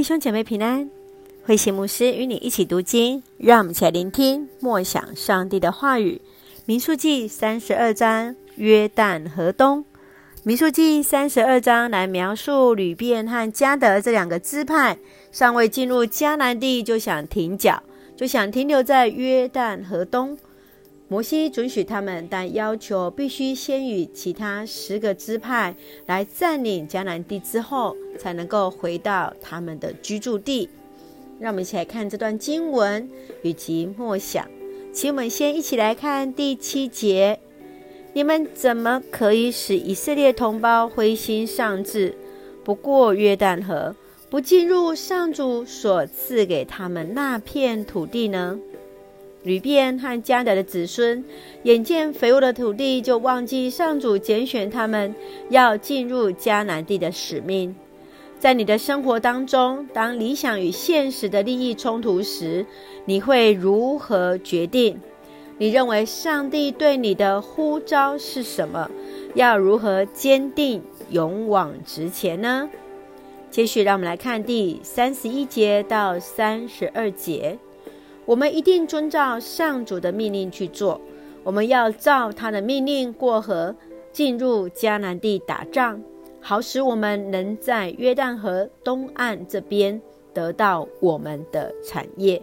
弟兄姐妹平安，慧馨牧師與你一起讀經，讓我們一起來聆聽、默想上帝的話語。民數記三十二章，約旦河東。民數記三十二章來描述呂便和迦得這兩個支派，尚未進入迦南地就想停腳，就想停留在約旦河東。摩西准許他們，但要求必須先與其他十個支派來佔領迦南地之後，才能夠回到他們的居住地。讓我們一起來看這段經文以及默想。請我們先一起來看第七節：你們怎麼可以使以色列同胞灰心喪志，不過約旦河，不進入上主所賜給他們那片土地呢？呂便和迦得的子孫，眼見肥沃的土地，就忘記上主揀選他們要進入迦南地的使命。在你的生活當中，當理想與現實的利益衝突時，你會如何決定？你認為上帝對你的呼召是什麼？要如何堅定勇往直前呢？接續，讓我們來看第三十一節到三十二節。我們一定遵照上主的命令去做。我們要照他的命令過河，進入迦南地打仗，好使我們能在約旦河東岸這邊得到我們的產業。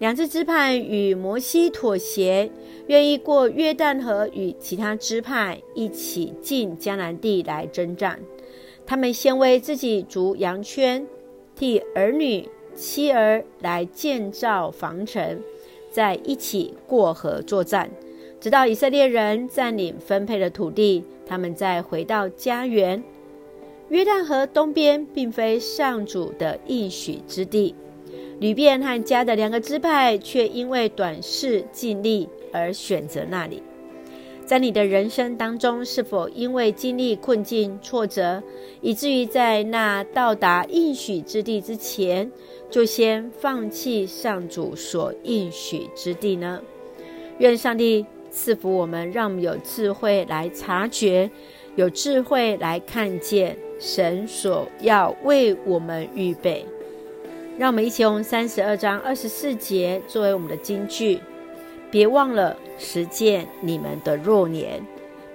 兩支支派與摩西妥協，願意過約旦河與其他支派一起進迦南地來征戰。他們先為自己築羊圈，替兒女。妻兒來建造防城，在一起過河作戰，直到以色列人占領分配的土地，他們再回到家園。約旦河東邊並非上主的應許之地，呂便和迦得的兩個支派卻因為短視近利而選擇那裡。在你的人生當中，是否因為經歷困境、挫折，以至於在那到達應許之地之前，就先放棄上主所應許之地呢？願上帝賜福我們，讓我們有智慧來察覺，有智慧來看見神所要為我們預備。讓我們一起用三十二章二十四節作為我們的金句，別忘了，實踐你們的諾言，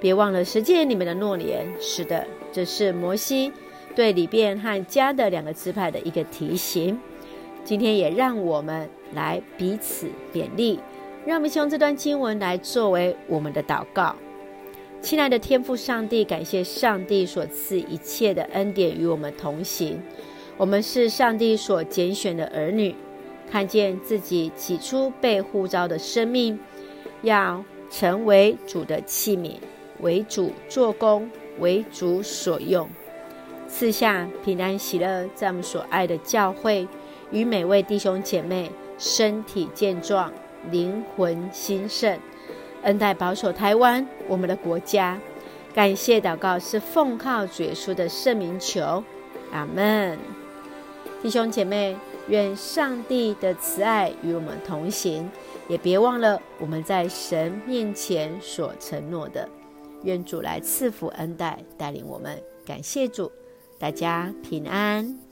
別忘了實踐你們的諾言。是的，這是摩西對呂便和迦得的兩個支派的一個提醒。今天也讓我們來彼此勉勵，讓我們用這段經文來作為我們的禱告。親愛的天父上帝，感謝上帝所賜一切的恩典與我們同行。我們是上帝所揀選的兒女，看見自己起初被呼召的生命。要成為主的器皿，為主做工，為主所用。賜下平安喜樂，在我們所愛的教會與每位弟兄姐妹，身體健壯，靈魂興盛，恩待保守台灣，我們的國家。感謝禱告是奉靠主耶穌的聖名求，阿門。弟兄姐妹。願上帝的慈愛與我們同行，也別忘了我們在神面前所承諾的。願主來賜福恩待，帶領我們。感謝主，大家平安。